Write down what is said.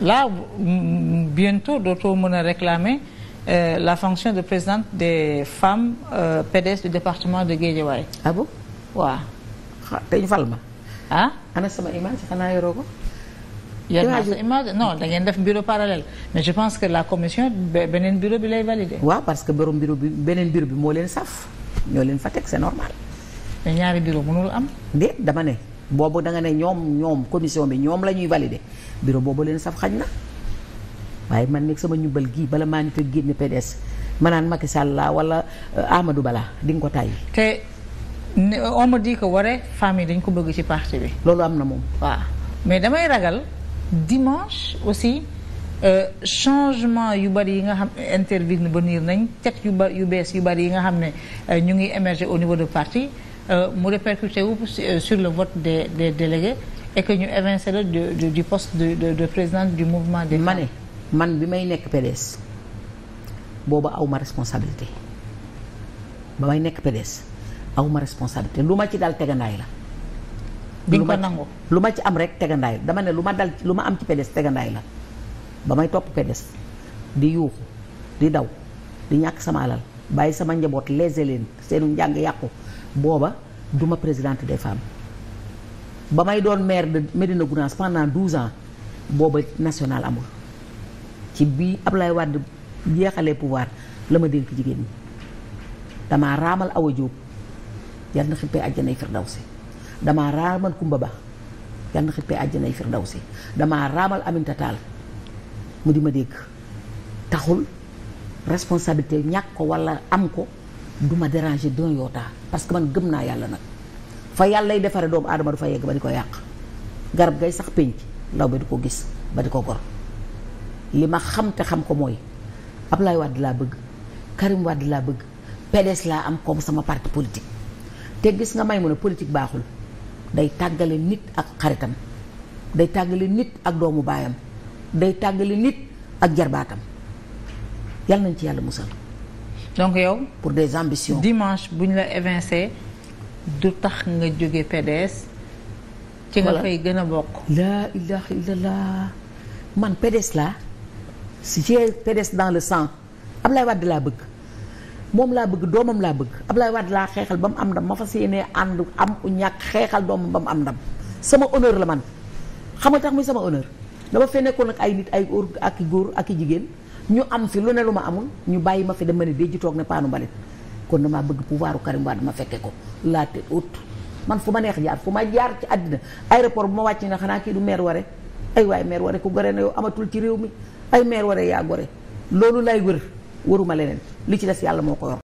là bientôt dootoo mën a réclamer euh, la fonction de président des femmes euh, PDS du département de Guédiawaye. ah bon waaw. xa fal ma. ah ana sama image xanaa yoroo ko. yor naa sa image non da ngeen def bureau parallèle mais je pense que la commission beneen bureau bi lay valider. waaw parce que borom bureau bi beneen bureau bi moo leen saf ñoo leen fa teg c'est normal. mais ñaari bureau mënul am. déet dama ne. boobu da ne ñoom ñoom commission bi ñoom la ñuy valider bureau boobu leen saf xañ na waaye man nag sama ñubbal gii bala maa ngi ko génne PDS ma naan Sall la wala euh, Amadou Bala di nga ko tàyyi. te ne euh, on me waree femme yi dañ ko bëgg ci parti bi. loolu am na moom. waaw mais damay ragal dimanche aussi euh, changement yu bari yi nga xam interview ba niir nañ teg yu ba yu bees yu bari yi nga xam ne euh, ñu ngi émerger au niveau de parti. Euh, mu répercuté wu euh, sur le vote des des délégués et que ñu évincé du du de de présidente du mouvement des ma ne man bi may nekk PDS booba aw ma responsabilité ba may nekk PDS aw ma responsabilité lu ma ci daal tegandaay la. di ko nangu lu ma ci am rek tegandaay dama ne lu ma dal lu ma am ci pedes tegandaay la ba may topp PDS di yuuxu di daw di ñàkk sama alal. bàyyi sama njaboot léser leen seenu njàng yàqu booba du ma présidente des femmes ba may doon maire de Médina Gounass pendant 12 booba national amul ci bii bi Ablaye Wade jeexalee pouvoir la ma dénk jigéen ñi damaa raamal Awa Diop yal na xippee àjjanay firdawsi damaa raamal Kumba Ba yal na xippee àjjanay firdawsi damaa raamal Aminata Tall mu di ma dégg taxul responsabilité ñàkk ko wala am ko du ma déranger d'un iota parce que man gëm naa yàlla nag fa yàlla lay defaree doomu aadama du fa yegg ba di ko yàq garab gay sax pénc law bi du ko gis ba di ko gor li ma xam te xam ko mooy Abdoulaye Wade laa bëgg Karim Wade laa bëgg PDS laa am ko sama parti politique te gis nga may mu ne politique baaxul day tàggale nit ak xaritam day tàggale nit ak doomu baayam day tàggale nit ak jarbaatam yàlla nañ ci yàlla musal. donc yow. pour des ambitions dimanche bu ñu la évincé du tax nga jóge PDS. ci nga fay gën a bokk. laa ilaha illallah man PDS laa si j'ai PDS dans le sang Ablaye Wade laa bëgg moom laa bëgg doomam laa bëgg Ablaye Wade laa xeexal ba mu am ndam ma fas yéenee ànd am ñàkk xeexal doomam ba mu am ndam sama honneur la man xam nga tax muy sama honneur dama fee nekkoon ak ay nit ay góor ak i góor ak i jigéen. ñu am fi lu ne lu ma amul ñu bàyyi ma fi dama ne déjji toog ne paanu mbalit kon damaa bëgg pouvoiru Karim Wade ma fekke ko la tête haute man fu ma neex jaar fu ma jaar ci àddina aéroport bu ma wàcc na xanaa kii du meer ware ay waay maire ware ku gore na yow amatul ci réew mi ay maire ware yaa gore loolu lay wër wëruma leneen li ci des yàlla moo ko yor